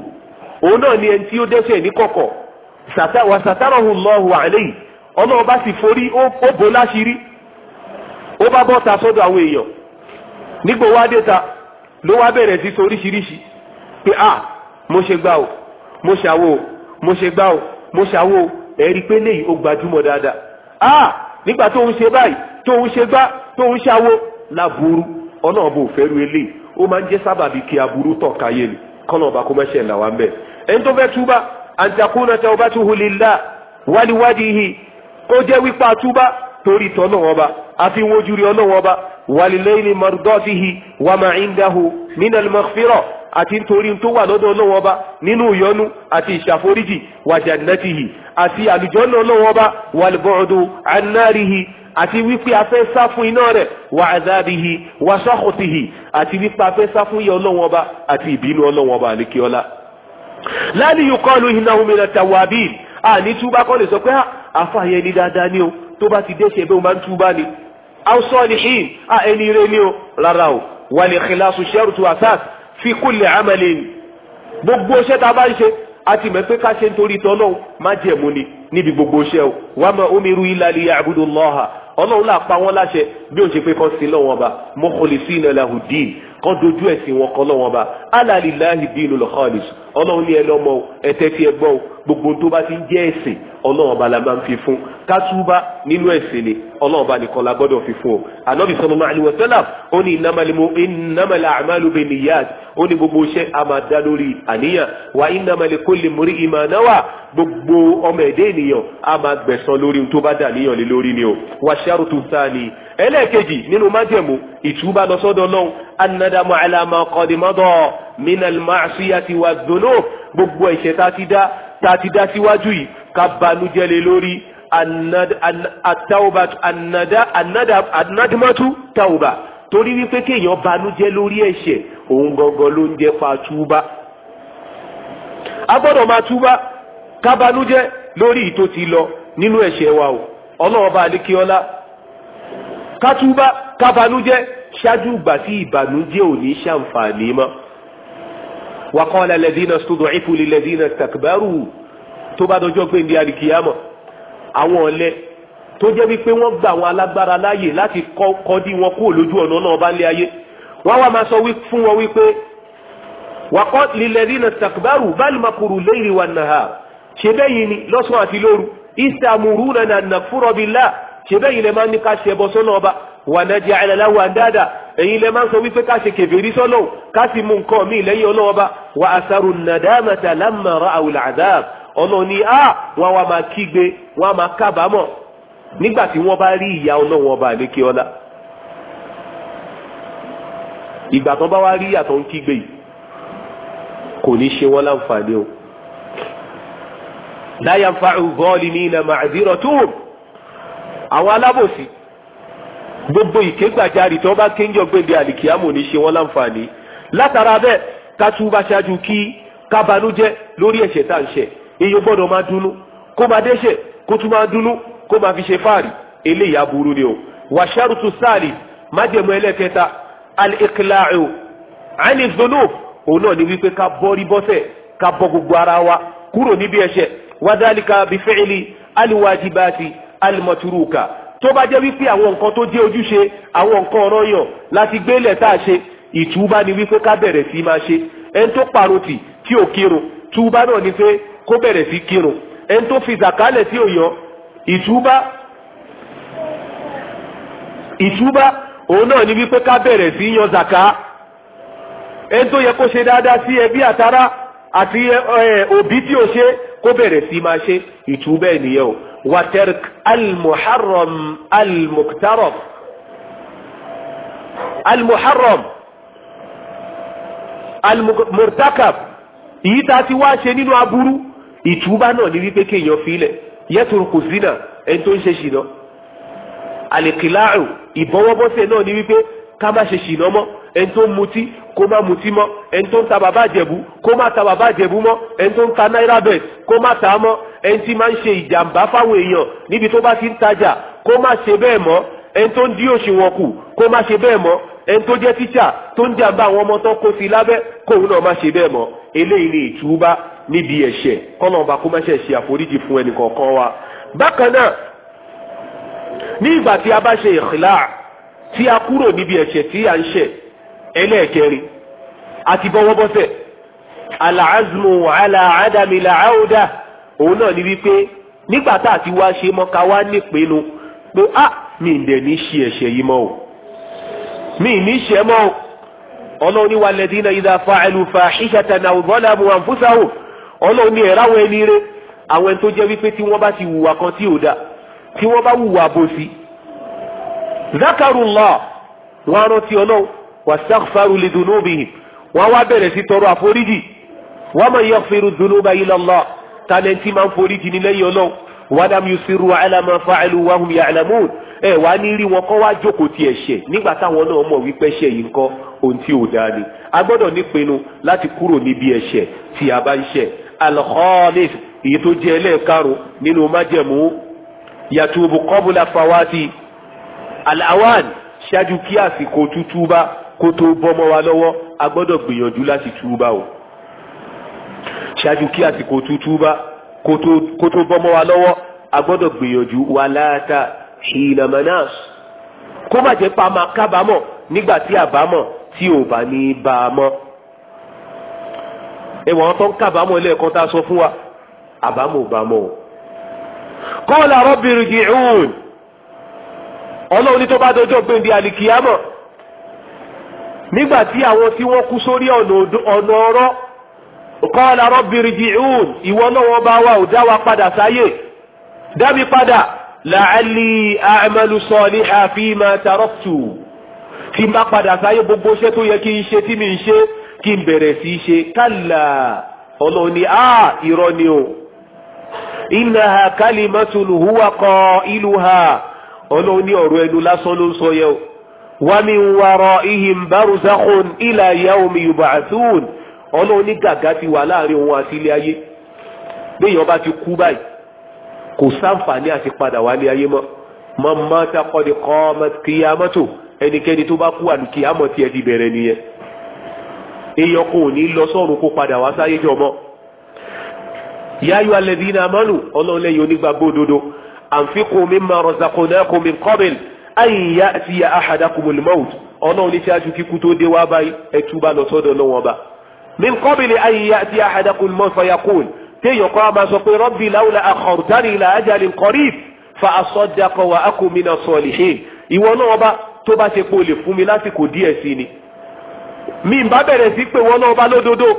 S1: òun náà ni ẹni tí ó dẹ́ṣẹ̀ ní kọ̀kọ̀ wàsàtàrọ̀hùn lọ́hùn àlẹ́yìn ọlọ́run bá sì forí ó bò láṣìírí ó bá bọ́ ta sọ́dọ̀ àwọn èèyàn nígbò wá dé ta ló wá bẹ̀rẹ̀ sí oríṣiríṣi pé a mo ṣe gbà o mo ṣàwo o mo ṣe gbà o mo ṣàwo o ẹ̀rí pé léyìí ó gbajúmọ̀ dáadáa a nígbà tó ń ṣe báyìí tó ń ṣe gbá tó ń ṣàwo láburú ọlọ́run bò fẹ́ ru eléyìí ó máa ń jẹ́ sábàbí kí aburú tàn káyé ni kọ́nà ọba kó mẹ́ṣẹ̀ là wá ń bẹ̀ ẹni tó fẹ́ túbá an takuna tawbatuhu lillah waliwadihi kó jẹ́ wípé àtúbá torí tọ́lọ́wọ́n ba àfi wojú rí ọlọ́wọ́n ba walilayli mardatihi wa ma indahu minal maghfirah àti nítorí tó wà lọ́dọ̀ ọlọ́wọ́ bá nínú ìyọnu àti ìṣàforíjì wa jannatihi àti àlùjọ́nà ọlọ́wọ́ bá wàlùbọ̀ọ̀dù anárihi àti wípé afẹ́ sá fún iná rẹ̀ wà àdábìhi wà sọ́kùtìhì àti wípé afẹ́ sá fún iye ọlọ́wọ́ bá àti ìbínú ọlọ́wọ́ bá àlékíọ́lá láàlì yìí kọ́ ló iná omi náà tàwa bíi àní túbá kọ́ lè sọ pé àfa yẹn ni dáadáa ni o tó bá ti dẹ́ṣẹ̀ bẹ́ẹ̀ o máa ń túbá ni awusọ ni hin a ẹni rẹ ni o rárá o wàlẹ̀ kìláṣu ṣẹ́rùtù asas fi kulli amalin gbogbo iṣẹ́ tá bá ń ṣe àti mẹ́ pé ká ṣe nítorí tọ́lọ́ má jẹ̀mú ni níbi gbogbo iṣẹ́ o wàmà omi ru ilà lè ya'budu Allaha ọlọ́run là pa wọ́n láṣẹ bí ó ṣe pé kọ́ sí lọ́wọ́n ọba mukhlisina lahu din kọ́ dojú ẹ̀sìn wọn kọ́ lọ́wọ́n ọba ala lillahi dinul khalis ọlọ́run ní ẹ lọ́mọ ẹ̀tẹ́ tí ẹ gbọ́ gbogbo tó bá ti ń jẹ́ ẹ̀sìn ọlọ́run ọba la máa ń fi fún kátúbá nínú ẹ̀sìn ni ọlọ́run ọba nìkan la gbọ́dọ̀ fi fún o anabi sallallahu alaihi ní innamal ó ní gbogbo iṣẹ́ a ṣàrùtù sáàlì ẹlẹ́ẹ̀kejì nínú májẹ̀mú ìtúbà lọ́sọ́dọ̀ lọ́hùn anadamu alama kọ́dìmọ́dọ̀ minal maṣíyàtì wà dùnú gbogbo ẹ̀ṣẹ̀ tá a ti dá síwájú yìí ká banújẹ́ lé lórí anadimatu tauba torí wípé kéèyàn banújẹ́ lórí ẹ̀ṣẹ̀ òun gangan ló ń jẹ́ fa túbà a gbọ́dọ̀ máa túbà ká banújẹ́ lórí ìtò ti lọ nínú ẹ̀ṣẹ̀ wa o ọlọ́wọ́n bá adékíọ́lá kátúbá kábànújẹ́ ṣáájú ìgbà tí ìbànújẹ́ ò ní ṣàǹfààní mọ́ wàkọ́lá lẹ́dínà sódò ìfúli lẹ́dínà takbaru tó bá dọjọ́ pé ní adìkíyàmọ̀ àwọn ọ̀lẹ tó jẹ́ wípé wọ́n gba àwọn alágbára láàyè láti kọ́ dí wọn kúrò lójú ọ̀nà náà bá lé ayé wọ́n wá máa sọ fún wọn wípé bal ìsàmùrúnà nàfúrọ̀ billah ṣẹbẹ́ yìí lè máa ní ká ṣe ẹbọ sọ́nà ọba wa naj'ala lahu andada èyí lè máa sọ wípé ká ṣe kèfèrí sọ́nà ká sì mú nǹkan míì lẹ́yìn ọlọ́ọba wa asaru nadamata lamma ra'aw al'adab ọ̀nà ni a ah, wọn wá máa kígbe wọn máa kábàámọ̀ nígbà tí wọ́n bá rí ìyà ọlọ́run ọba àlékè ọlá ìgbà tán bá wá rí ìyà tán kígbe yìí kò ní ṣe wọ́n láǹfààní o láyà ń fa ọgọ́ọ̀lì ní iná màdìrọ̀ tó wò àwọn alábòsí gbogbo ìkégbàjarì tó bá kéńjọ gbèdé àlìkíyàmù ní ṣe wọn láǹfààní látara bẹ́ẹ̀ ká tún bá ṣáájú kí ká banújẹ́ lórí ẹ̀ṣẹ̀ tá à ń ṣẹ̀ èyí gbọ́dọ̀ máa dùnnú kó máa dẹ́ṣẹ̀ kó tún máa dùnnú kó máa fi ṣe fáàrí eléyìí aburú ni o wàṣàrùtù sáàlì májẹ̀mú ẹlẹ́kẹta al-iqla'u òun náà ni wípé ká bọ́ rí bọ́sẹ̀ ká bọ́ gbogbo ara wa kúrò níbi ẹ̀ṣẹ̀ wadhalika bifẹ́ẹ̀lì aliwajibati alimọ̀túrúkà tó bá jẹ́ wípé àwọn nǹkan tó jẹ́ ojúṣe àwọn nǹkan ọ̀rọ̀ yàn láti gbélé tá a ṣe ìtúbá ni wípé ká bẹ̀rẹ̀ sí máa ṣe ẹni tó parotì tí ò kírun túbá náà ni pé kó bẹ̀rẹ̀ sí kírun ẹni tó fi zàkálẹ̀ tí ò yọ òun náà ni wípé ká bẹ̀rẹ̀ sí yan zàká ẹni tó yẹ kó ṣe dáadáa sí ẹbí àtará àti òbí tí ò ṣe kó bẹ̀rẹ̀ sí máa ṣe ìtúbà nìyẹn o waterk almuharram almuktarof almuharram almurtakab èyí tá a ti wá ṣe nínú aburú ìtúbà náà ni wípé kéèyàn fi ilẹ̀ yẹtùrùkù zina ẹni tó ń ṣe ṣìnà àlèkìláàrù ìbọwọ́bọ́sẹ̀ náà ni wípé ká má ṣe ṣìnà mọ́ ẹni tó ń mutí kó má mutí mọ́ ẹni tó ń ta bàbá àjẹ̀bú kó má ta bàbá àjẹ̀bú mọ́ ẹni tó ń ta náírà bẹ́ẹ̀ kó má ta mọ́ ẹni tí máa ń ṣe ìjàmbá fáwọn èèyàn níbi tó bá ti ń tajà kó má ṣe bẹ́ẹ̀ mọ́ ẹni tó ń dí òṣùwọ̀n kù kó má ṣe bẹ́ẹ̀ mọ́ ẹni tó jẹ́ tíṣà tó ń jàmbá àwọn ọmọ tó kó sí lábẹ́ kóun náà má ṣe bẹ́ẹ̀ mọ́ eléyìí ni ìtúbá níbi ẹ̀ṣẹ̀ kọ́nọ̀ọ́ba kó má ṣe wa. bákan náà ní ìgbà tí tí a kúrò níbi ẹ̀ṣẹ̀ tí a ń ṣẹ̀ ẹlẹ́ẹ̀kẹrin àti bọ́wọ́bọ́sẹ̀ alaazmu alaadamila auda òun náà ni wípé nígbà tá a ti wá ṣe mọ́ ká wá nípinnu pé a ah, mi ì dẹ̀ ní ṣe ẹ̀ṣẹ̀ yìí mọ́ o mi ì ní ṣe mọ́ o ọlọ́run ní walladhina idha fa'alu fahishatan aw zalamu anfusahum ọlọ́run ní ẹ̀ráwọ̀ ẹni rẹ̀ àwọn ẹni tó jẹ́ wípé tí wọ́n bá ti hùwà kan tí ò dáa tí wọ́n bá hùwà bòsí zakarullah wọ́n rántí ọlọ́run wastaghfaru lidunubihim wọ́n wá bẹ̀rẹ̀ sí tọrọ àforíjì wa man yaghfiru dunuba illa Allah tálẹ́ǹtì máa ń foríjì ní lẹ́yìn ọlọ́run wadam yusiru ala ma fa'alu wahum ya'lamun ẹ wá ní rí wọn kọ́ wá jókòó ti ẹ̀ṣẹ̀ nígbà táwọn náà mọ̀ wípé ẹ̀ṣẹ̀ yìí nǹkan ohun tí ò dáa ni a gbọ́dọ̀ nípinnu láti kúrò níbi ẹ̀ṣẹ̀ tí a bá ń ṣẹ̀ alkhamis èyí tó jẹ́ ẹlẹ́ẹ̀karùn-ún nínú májẹ̀mú yàtúbù qabla fawati alawan ṣáájú kí àsìkò tútúbá kó tó bọ́mọ́ wa lọ́wọ́ a gbọ́dọ̀ gbìyànjú láti túbá o ṣáájú kí àsìkò tútúbá kó tó bọ́mọ́ wa lọ́wọ́ a gbọ́dọ̀ gbìyànjú wà láàtà hìlàmánàs kó má jẹ́ pa máa kábàámọ̀ nígbà tí àbámọ̀ tí ò bá ní bá a mọ́ ẹ̀wọ̀n tó ń kábàámọ̀ lẹ́ẹ̀kan tá a sọ fún wa àbámọ̀ ò bá mọ́ o kọ́ọ̀lá rọ́bìrì jìrún ọlọ́run ní tó bá dọjọ́ gbé di alikiyamọ̀ nígbà tí àwọn tí wọ́n kú sórí ọ̀nà ọ̀rọ̀ qala rabbi rji'un ìwọ náà wọ́n bá wa ò dá wa padà sáyè dá mi padà la'alli a'malu salihan fima taraktu tí n bá padà sáyè gbogbo iṣẹ́ tó yẹ kí n ṣe tí mi ń ṣe kí n bẹ̀rẹ̀ sí í ṣe kálá ọlọ́run ní a irọ́ ni o innaha kalimatun huwa qailuha ọlọ́run ní ọ̀rọ̀ ẹnu lásán ló ń sọ yẹ o wa min waraihim barzakhun ila yawmi yub'athun ọlọ́run ní gàgá ti wà láàrin òun àti ilé ayé béèyàn bá ti kú báyìí kò sáǹfààní àti padà wálé ayé mọ́ man mata qad qamat qiyamatu ẹnikẹ́ni tó bá kú àlùkìyàmọ̀ tiẹ̀ ti bẹ̀rẹ̀ nìyẹn èèyàn kò ní lọ sọ́run kó padà wá sáyé jọmọ́ yáyọ alladhina amanu ọlọ́run lẹ́yìn onígbàgbọ́ òdodo anfiqu mimma razaqnakum min qabl an ya'tiya ahadakumul maut ọlọ́run ní ṣáájú kíkú tó dé wá báyìí ẹ túbà lọ sọ́dọ̀ náà wọn bá. min qabl an ya'tiya ahadakumul maut fayaqul téèyàn kọ́ máa sọ pé rabbi lawla akhartani ila ajalin qarib fa asaddaqa wa akun minas ìwọ náà bá tó bá ṣe pé o lè fún mi lásìkò díẹ̀ sí ni. mi bá bẹ̀rẹ̀ sí pé wọ́n náà bá lódodo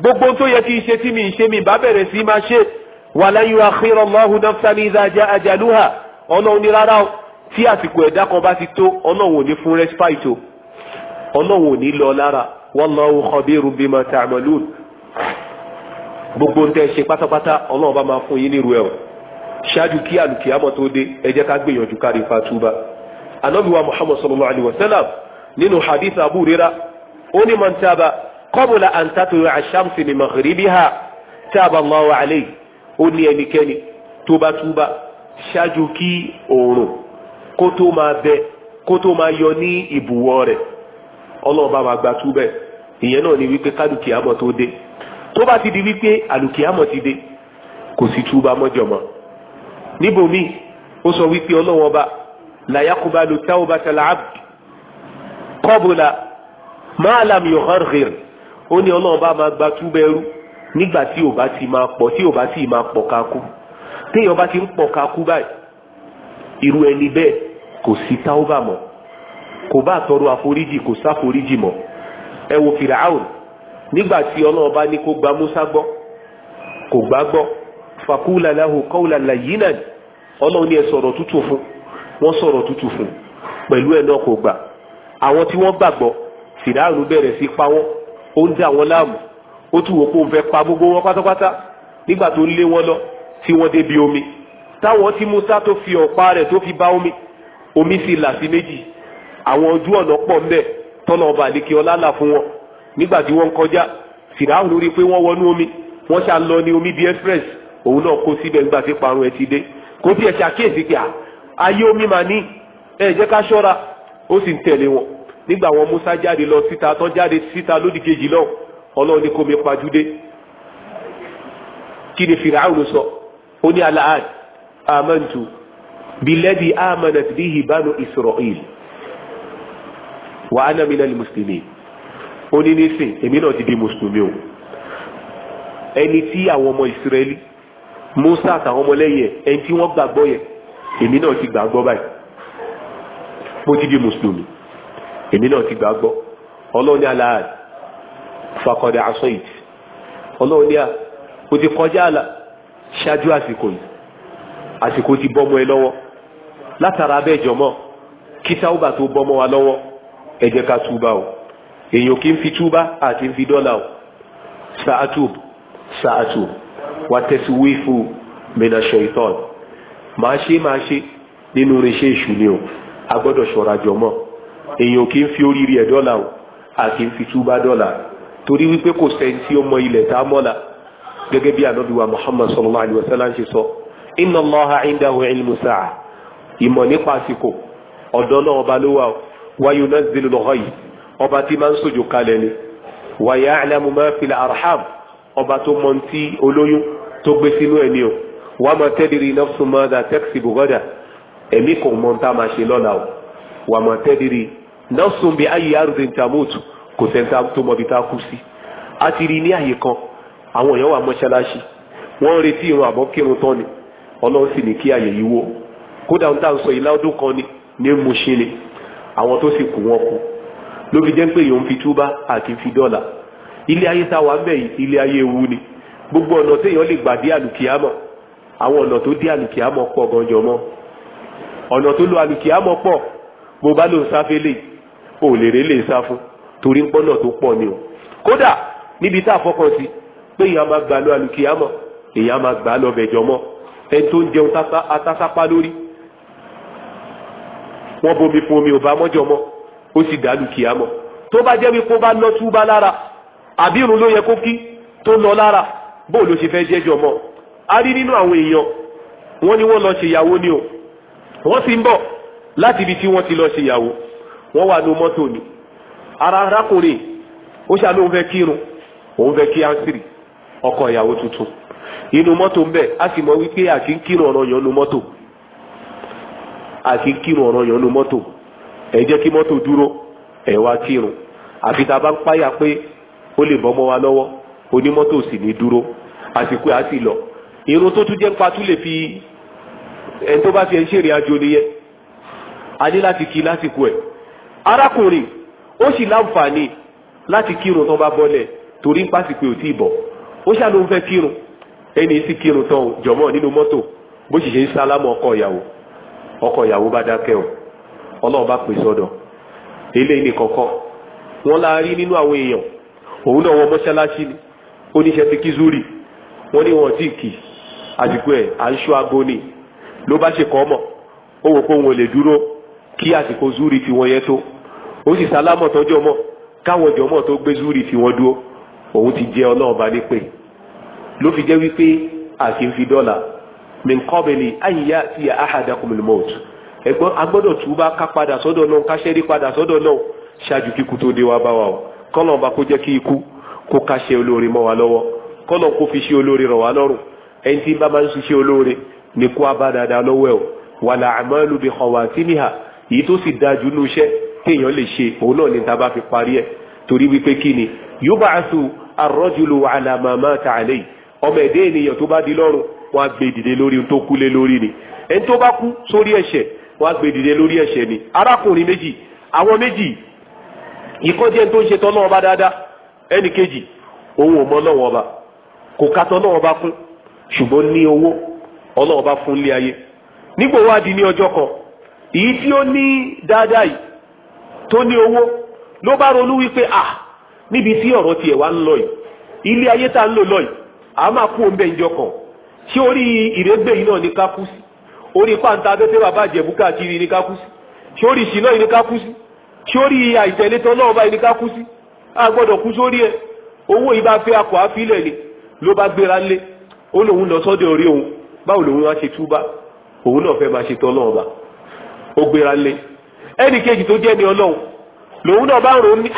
S1: gbogbo tó yẹ kí n ṣe tí mi ń ṣe mi bá bẹ̀rẹ̀ sí máa ṣe wàlá yóò àkírọ̀ mọ́hùn náfṣà ní ìdájà àjálùhà ọlọ́run ní rárá tí àsìkò ẹ̀dá kan bá ti tó ọlọ́run ò ní fún respite o ọlọ́run ò ní lọ lára wallahu khabirun bima ta'malun gbogbo ń tẹ́ ṣe pátápátá ọlọ́run bá máa fún yín nírú ẹ̀ o ṣáájú kí àlùkìyàmọ̀ tó dé ẹ jẹ́ ká gbìyànjú kárí fatuba anabiwa muhammad sallallahu alayhi wa sallam nínú hadith abu rira ó ní ó ní ẹnikẹ́ni tó bá túbá ṣáájú kí oòrùn kó tó máa bẹ kó tó máa yọ ní ìbùwọ̀ rẹ̀ ọlọ́run bá máa gba túbẹ̀ ìyẹn náà ni wípé kálukìámọ̀ tó dé tó bá ti di wípé àlùkìámọ̀ ti dé kò sí túbá mọ́jọ̀mọ́ níbòmí ó sọ wípé ọlọ́run ọba làyàkúbalù tawbatal abd qabla ma lam yugharghir ó ní ọlọ́run máa gba túbẹ̀ rú nígbà tí ò bá ti máa pọ̀ tí ò bá ti máa pọ̀ kakú téèyàn bá ti ń pọ̀ kakú báyìí irú ẹni bẹ́ẹ̀ kò sí táwọ́bà mọ́ kò bá tọrọ àforíjì kò sáforíjì mọ́ ẹ wo fìràáhùn nígbà tí ọlọ́run bá ní kó gba Musa gbọ́ kò gbá gbọ́ fàkúlà láhùn kọ́ọ̀là làyínà ọlọ́run ní ẹ sọ̀rọ̀ tútù fún wọ́n sọ̀rọ̀ tútù fún pẹ̀lú ẹ̀ náà kò gbà àwọn tí wọ́n gbàgbọ́ fìràáhùn bẹ̀rẹ̀ sí pa ó ń dá wọn láàmú ó tún wò pé òun fẹ́ pa gbogbo wọn pátápátá nígbà tó ń lé wọn lọ tí wọ́n débi omi táwọn tí Musa tó fi ọ̀pá rẹ̀ tó fi bá omi omi sì là sí méjì àwọn ojú ọ̀nà pọ̀ ńbẹ̀ tọ́nà ọba àdìkí ọlá là fún wọn nígbà tí wọ́n ń kọjá fìdáhùn lórí pé wọ́n wọnú omi wọ́n ṣá lọ ní omi bíi express òun náà kó síbẹ̀ nígbà tí parun ẹ̀ ti dé kó tiẹ̀ ṣàkíyèsí pé ayé omi mà ní ẹ jẹ́ ká ṣọ́ra ó sì ń tẹ̀lé wọn nígbà wọn Musa jáde lọ síta tó jáde síta lódì kejì ọlọ́run ní kó mi pajúdé kí ni fìràhùn sọ ó ní aláàd amantu bilẹ́dì amanat bihi banu israel wa ana minal muslimin ó ní nísìn èmi náà ti di mùsùlùmí o ẹni tí àwọn ọmọ ìsírẹ́lì musa àtàwọn ọmọlẹ́yìn ẹ̀ ẹni tí wọ́n gbàgbọ́ yẹn èmi náà ti gbàgbọ́ báyìí mo ti di mùsùlùmí èmi náà ti gbàgbọ́ ọlọ́run ní aláàd fakọ̀dà aṣọ ìtì ọlọ́run ní à ó ti kọjá àlà ṣáájú àsìkò yìí àsìkò ti bọ́mọ ẹ lọ́wọ́ látara abẹ́ ìjọmọ́ kí táwùbà tó bọ́mọ wa lọ́wọ́ ẹ jẹ́ ká túbà o èèyàn kì í fi túbà àti ń fi dọ́là o sa'atub sa'atub wa tẹ̀síwífù mẹ́nà ṣọ̀ìtàn máa ṣe máa ṣe nínú irinṣẹ́ èṣù ni o a gbọ́dọ̀ ṣọ́ra jọmọ́ èèyàn kì í fi oríire dọ́là o àti fi túbà dọ́là o torí wípé kò sẹ́ni tí ó mọ ilẹ̀ tá a mọ́la gẹ́gẹ́ bí anabi wa muhammad sallallahu alayhi wa sallam ṣe sọ inna allaha indahu ilmu sa'a ìmọ̀ nípa àsìkò ọ̀dọ̀ náà ọba ló wà wa yunazzilu al-ghayth yìí ọba tí máa ń sòjò kalẹ̀ ni wa ya'lamu ma fil arham ọba tó mọ ti olóyún tó gbé sínú ẹni o wa ma tadri nafsun madha taksibu ghadan ẹ̀mí kò mọ̀ tá a máa ṣe lọ́la o wa ma tadri nafsun bi ayyi ardin tamutu kò sẹ́ńtà tó mọbi tá a kú sí a ti rí ní àyè kan àwọn èèyàn wà mọ́ṣáláṣí wọ́n ń retí irun àbọ̀ kírun tán ni ọlọ́run sì ní kí àyè yìí wó kódà ń tà ń sọ ìlà ọdún kan ni ní Mùṣín ni àwọn tó sì kù wọn kù ló fi jẹ́ pé èèyàn ń fi túbá àti fi dọ́là ilé ayé tá a wà ń yìí ilé ayé ewu ni gbogbo ọ̀nà téèyàn lè gbà dé àlùkìyámọ̀ àwọn ọ̀nà tó dé àlùkìyámọ̀ pọ̀ ganjọ mọ́ ọ̀nà tó lo àlùkìyámọ̀ pọ̀ bó bá lò ń sáfẹ́ lè ò lè sá fún torí ń pọ́nà tó pọ̀ ni o kódà níbi tá a fọkàn sí pé èèyàn máa gbà lọ àlùkìyàmọ̀ èèyàn máa gbà lọ bẹ̀jọ mọ́ ẹni tó ń jẹun atásápá lórí wọ́n bomi fún omi ò bá mọ́jọ mọ́ ó sì dá àlùkìyàmọ̀ tó bá jẹ́ wípé ó bá lọ túbá lára àbí irun ló yẹ kó kí tó lọ lára bó ló ṣe fẹ́ jẹ́jọ mọ́ a rí nínú àwọn èèyàn wọ́n ní wọ́n lọ ṣèyàwó ni o wọ́n sì ń bọ̀ láti ibi tí wọ́n ti lọ ṣèyàwó wọ́n wà ní mọ́tò ni ara arákùnrin ó fẹ́ kírun òun fẹ́ kí ánsìrì ọkọ ìyàwó tuntun inú mọ́tò ń bẹ̀ a sì wípé àti ń kírun ọ̀rọ̀ yàn nu mọ́tò àti ń kírun ọ̀rọ̀ yàn nu mọ́tò ẹ jẹ́ kí mọ́tò dúró ẹ wá kírun àfi tá a bá ń páyà pé ó wa lọ́wọ́ onímọ́tò sì ní dúró àsìkò lọ irun tó tún jẹ́ ń lè fi ẹni tó bá ń ṣèrìn àjò nìyẹn a ní láti kí lásìkò ó sì láǹfààní láti kírun tó bá bọ́lẹ̀ torí ń pàṣípè ò tí ì bọ̀ ó ṣàlóhun fẹ́ kírun ẹni sì kírun tán jọ̀mọ́ nínú mọ́tò bó sì ṣe ń sálámọ̀ ọkọ ìyàwó ọkọ ìyàwó bá dákẹ́ o ọlọ́run bá pè sọ́dọ̀ eléyìí ní kọ̀kọ́ wọ́n la rí nínú àwọn èèyàn òun náà wọ mọ́ṣáláṣí ni oníṣẹ́ ti kí zúrì wọ́n ní wọn tí kì àsìkò ẹ̀ à ń ṣọ́ aago ni ló bá ṣe kọ́ mọ̀ ó wò pé òun ò lè dúró kí àsìkò zúrì fi wọ́n yẹn tó ó sì sálámọ̀ tọ́jọ́ mọ̀ káwọn jọmọ̀ tó gbé zúrì tí wọ́n dúró òun ti jẹ́ ọlọ́run bá ní pé ló fi jẹ́ wípé àkínfi dọ́là minkọ́bẹ̀lì àyíyá ti àhàdà kùmìlmọ́ọ̀tù ẹ̀gbọ́n agbọ́dọ̀ túbá ká padà sọ́dọ̀ náà káṣẹ́rí padà sọ́dọ̀ náà ṣáájú kíkú tó dé wá bá wa o kọ́lọ́n bá kó jẹ́ kí ikú kó káṣẹ́ olóore mọ́ wa lọ́wọ́ kọ́lọ́n kó fi ṣe olóore rọ̀ wá lọ́rùn ẹni tí bá máa ń ṣiṣẹ́ olóore ní kó a bá dáadáa lọ́wọ́ ẹ̀ wàlà àmọ́ lùbí kọ̀wá tìmíhà èyí tó téèyàn lè ṣe òun náà ni tá a bá fi parí ẹ̀ torí wípé kí ni yub'athu ar-rajulu ala ma mata ọmọ ẹ̀dẹ́ ènìyàn tó bá di lọ́rùn wọ́n á gbé dìde tó kú lórí ni ẹni tó bá kú sórí ẹ̀ṣẹ̀ wọ́n á lórí ẹ̀ṣẹ̀ ni arákùnrin méjì àwọn méjì ìkọ́jẹ́ tó ń ṣe tọ́lọ́ ọba dáadáa ẹnì kejì òun ò mọ ọlọ́wọ́ ọba kò ká tọ́lọ́ ọba kún ṣùgbọ́n ní owó ọlọ́wọ́ ọba fún ilé ayé nígbò ní ọjọ́ kan èyí tí ó ní dáadáa yìí tó ní owó ló bá ronú wípé à níbi tí ọ̀rọ̀ tiẹ̀ wá ń lọ yìí ilé ayé tá ń lò lọ yìí a máa kú omi ẹ̀ǹjọ kan ṣé orí ìrégbè yìí náà ní ká kú sí orí pàǹtà bàbá àjẹ̀bú káàkiri ní ká kú sí ṣé orí ìṣìná yìí ní ká kú sí orí àìtẹ̀létọ́ náà ní ká kú sí a gbọ́dọ̀ kú sórí ẹ̀ owó yìí bá fẹ́ akọ̀ àfilẹ̀ ẹnì kejì tó jẹ́ ni ọlọ́run lòun náà bá ń ro ní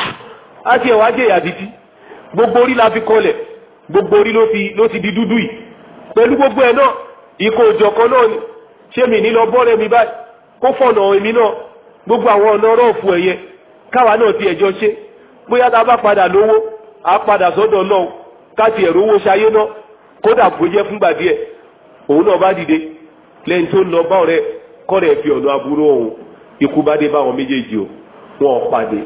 S1: ah, ti ẹ̀wà jẹ̀yà dídí gbogbo orí la fi kọlẹ̀ gbogbo orí ló ti di dúdú yìí pẹ̀lú gbogbo ẹ̀ náà ikọ̀ òjọ̀kan náà ni ṣé mi ní lọ bọ́ọ̀rẹ́ mi báyìí kó fọ̀nà èmi náà gbogbo àwọn ọ̀nà rọ́ọ̀fù ẹ̀yẹ káwa náà ti ẹ̀jọ́ ṣe bóyá tá a bá padà lówó a padà sọ́dọ̀ náà ẹ̀rọ owó ṣayé náà kódà jẹ́ fúngbà díẹ̀ òun náà bá dìde lẹ́yìn ikú bá dé bá àwọn méjèèjì o wọn pàdé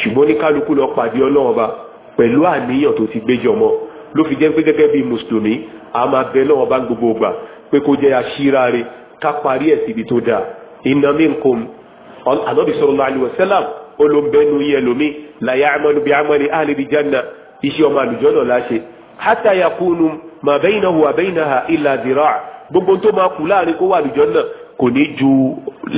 S1: ṣùgbọ́n ní kálukú lọ pàdé ọlọ́run ba pẹ̀lú àníyàn tó ti gbéjọ mọ́ ló fi jẹ́ pé gẹ́gẹ́ bí mùsùlùmí a máa bẹ lọ́wọ́ bá gbogbo gbà pé kó jẹ́ aṣíraare ká parí ẹ̀ síbi tó dáa inna minkum ànábì sallallahu alaihi wasallam olóńbẹ́nu yẹn lomi la ya'malu bi amali ahli janna iṣẹ́ ọmọ àlùjọ́ náà láṣẹ hatta yakunu ma bainahu wa bainaha illa zira' gbogbo tó máa kù láàrin kó wà àlùjọ́ náà kò ní ju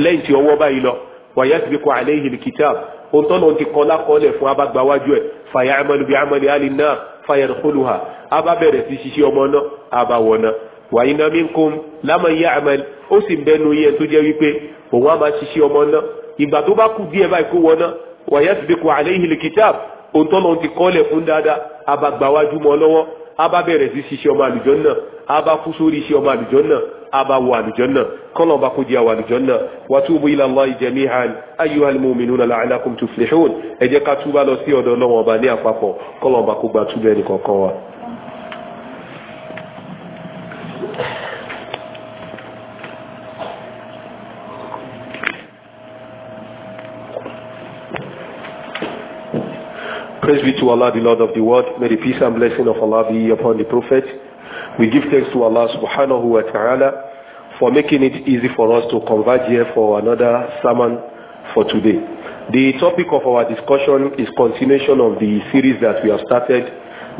S1: lẹ́yìn tí ọwọ́ báyìí lọ wàyà ti fi kọ́ àlẹ́yìn ní kìtàb ohun tọ́nà ti kọ́ lákọ́ọ́lẹ̀ fún abágbáwájú ẹ̀ fàyà amadu bíi amadu ali náà fàyà nìkọlùhà abá bẹ̀rẹ̀ sí ṣiṣẹ́ ọmọ náà abá wọ̀ náà wàyí náà minkum lámàn yá àmà ó sì bẹnu yẹ tó jẹ́ wípé òun á máa ṣiṣẹ́ ọmọ náà ìgbà tó bá kú díẹ̀ báyìí kó wọ náà wàyà ti fi kọ́ àlẹ́yìn ní kìtàb ohun tọ́nà ti kọ́ọ́lẹ̀ aba wọ àlùjọ́nà kọ́nà ọba kò di àwọn àlùjọ́nà wa tubu ila Allahi jami'an ayyuhal mu'minuna la'allakum tuflihun ẹ jẹ́ ká túbà lọ sí Praise be to Allah, the Lord of the world. May the peace and blessing of Allah be upon the Prophet. We give thanks to Allah subhanahu wa ta'ala for making it easy for us to converge here for another sermon for today. The topic of our discussion is continuation of the series that we have started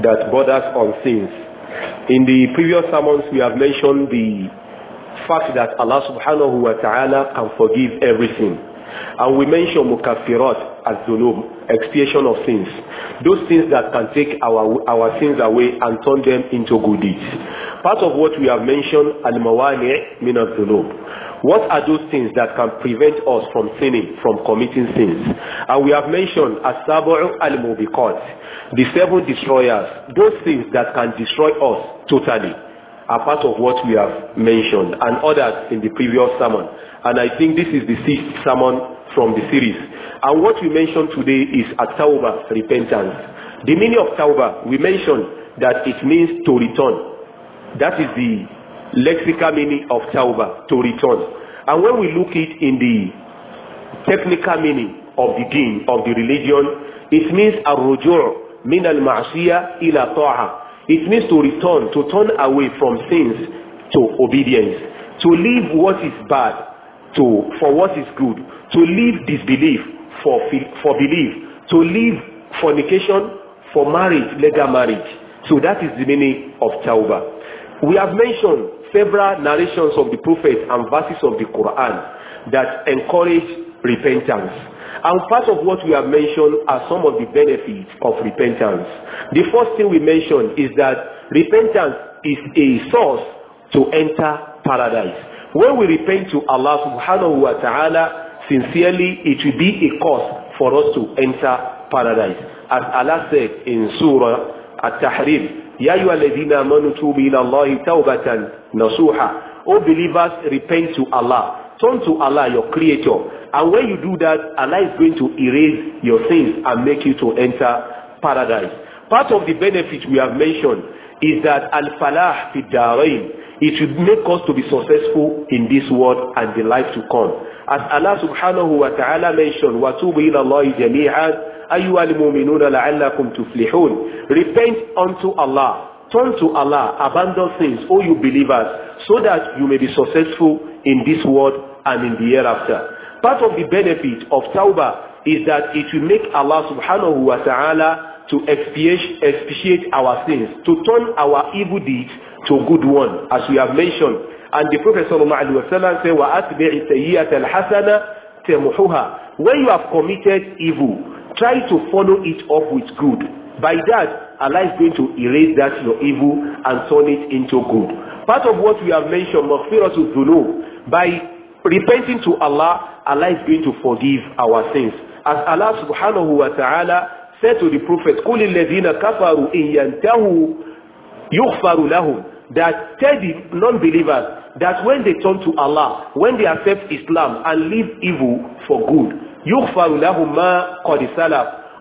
S1: that borders on sins. In the previous sermons, we have mentioned the fact that Allah subhanahu wa ta'ala can forgive everything. And we mentioned mukaffirat, az-zunub, expiation of sins. Those things that can take our, our sins away and turn them into good deeds. Part of what we have mentioned, al-mawani' min az-zunub. What are those things that can prevent us from sinning, from committing sins? And we have mentioned as-sab'u al-mubiqat, the seven destroyers, those things that can destroy us totally are part of what we have mentioned and others in the previous sermon. And I think this is the sixth sermon from the series And what we mentioned today is at repentance. The meaning of tawbah, we mentioned that it means to return. That is the lexical meaning of tawbah, to return. And when we look it in the technical meaning of the game of the religion, it means arujur min al-ma'siyah ila ta'a. It means to return, to turn away from sins to obedience, to leave what is bad to for what is good, to leave disbelief for, for belief, to leave fornication for marriage, legal marriage. So that is the meaning of tauba We have mentioned several narrations of the Prophet and verses of the Quran that encourage repentance. And part of what we have mentioned are some of the benefits of repentance. The first thing we mention is that repentance is a source to enter paradise. When we repent to Allah subhanahu wa ta'ala, sincerely it will be a cause for us to enter paradise. As Allah said in Surah At-Tahrim, Ya ayyuha alladhina amanu tubu ila Allahi tawbatan nasuha. O believers, repent to Allah. Turn to Allah, your creator. And when you do that, Allah is going to erase your sins and make you to enter paradise. Part of the benefit we have mentioned is that al-falah fi darain It should make us to be successful in this world and the life to come. As Allah subhanahu wa ta'ala mentioned, wa وَتُوبُ إِلَى اللَّهِ جَمِيعًا أَيُّهَا الْمُؤْمِنُونَ لَعَلَّكُمْ تُفْلِحُونَ Repent unto Allah. Turn to Allah. Abandon sins, O you believers, so that you may be successful in this world and in the hereafter. Part of the benefit of tauba is that it will make Allah subhanahu wa ta'ala to expiate, expiate our sins, to turn our evil deeds to good one as we have mentioned and the prophet sallallahu alaihi wasallam say wa atbi'i sayyi'ata alhasana temuhuha when you have committed evil try to follow it up with good by that Allah is going to erase that your evil and turn it into good part of what we have mentioned maghfiratu dhunub by repenting to Allah Allah is going to forgive our sins as Allah subhanahu wa ta'ala said to the prophet qul ladina kafaru in yantahu yughfaru lahum that tell the non-believers that when they turn to Allah, when they accept Islam and leave evil for good, yughfaru lahum ma qad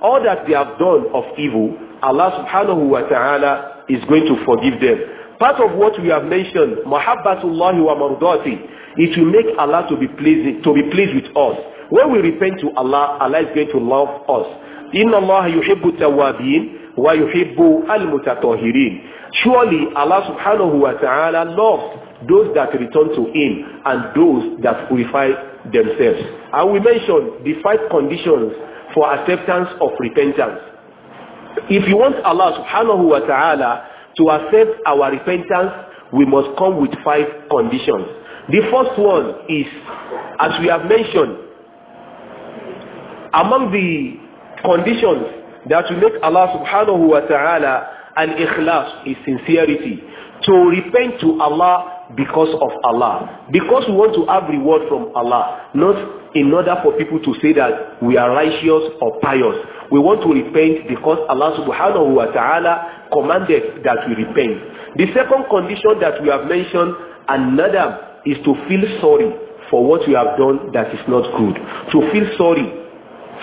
S1: all that they have done of evil, Allah subhanahu wa ta'ala is going to forgive them. Part of what we have mentioned, mahabbatullahi wa mardati, it will make Allah to be pleased to be pleased with us. When we repent to Allah, Allah is going to love us. Inna Allah yuhibbu tawabin wa yuhibbu al-mutatahirin. Surely Allah subhanahu wa ta'ala loves those that return to him and those that purify themselves. And we mentioned the five conditions for acceptance of repentance. If you want Allah subhanahu wa ta'ala to accept our repentance, we must come with five conditions. The first one is, as we have mentioned, among the conditions that will make Allah subhanahu wa ta'ala And ikhlas is sincerity to repent to Allah because of Allah because we want to have reward from Allah not in order for people to say that we are righteous or pious we want to repent because Allah subhanahu wa ta'ala commanded that we repent the second condition that we have mentioned another is to feel sorry for what we have done that is not good to feel sorry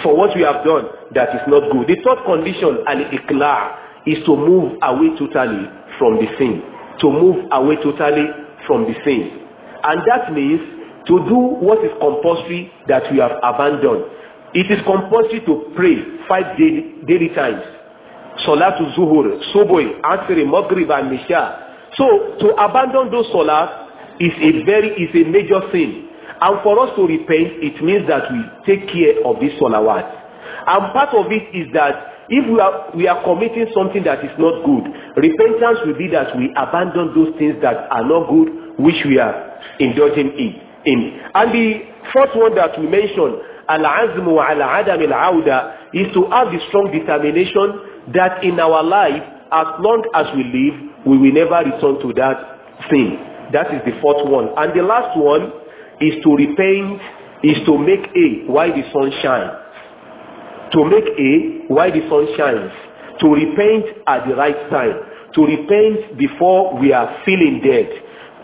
S1: for what we have done that is not good the third condition al-ikhlas is to move away totally from the sin. To move away totally from the sin. And that means to do what is compulsory that we have abandoned. It is compulsory to pray five daily, daily times. Salatu Zuhur, Subui, Asri, Maghrib and Isha. So to abandon those salat is a very is a major sin. And for us to repent, it means that we take care of these salawat. And part of it is that if we are we are committing something that is not good repentance will be that we abandon those things that are not good which we are indulging in in and the fourth one that we mention, al-azmu wa al-adam is to have the strong determination that in our life as long as we live we will never return to that thing. that is the fourth one and the last one is to repent is to make a while the sun shine to make a while the sun shines, to repent at the right time, to repent before we are feeling dead,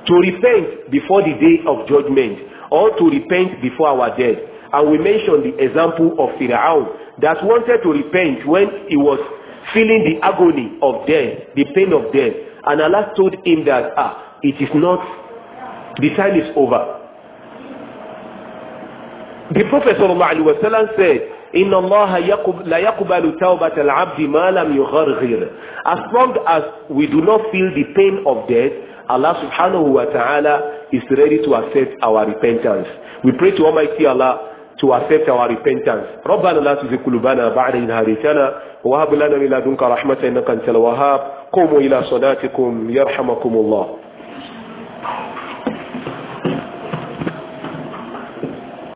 S1: to repent before the day of judgment, or to repent before our death. And we mentioned the example of Pharaoh that wanted to repent when he was feeling the agony of death, the pain of death. And Allah told him that, ah, it is not, the time is over. The Prophet sallallahu alaihi wasallam said, Inna Allah la yakubalu tawbatal abdi ma lam yugharghir. As long as we do not feel the pain of death, Allah subhanahu wa ta'ala is ready to accept our repentance. We pray to Almighty Allah to accept our repentance. ربنا لا تزغ قلوبنا بعد إذ هديتنا وهب لنا من لدنك رحمة إنك أنت الوهاب قوموا إلى صلاتكم يرحمكم الله.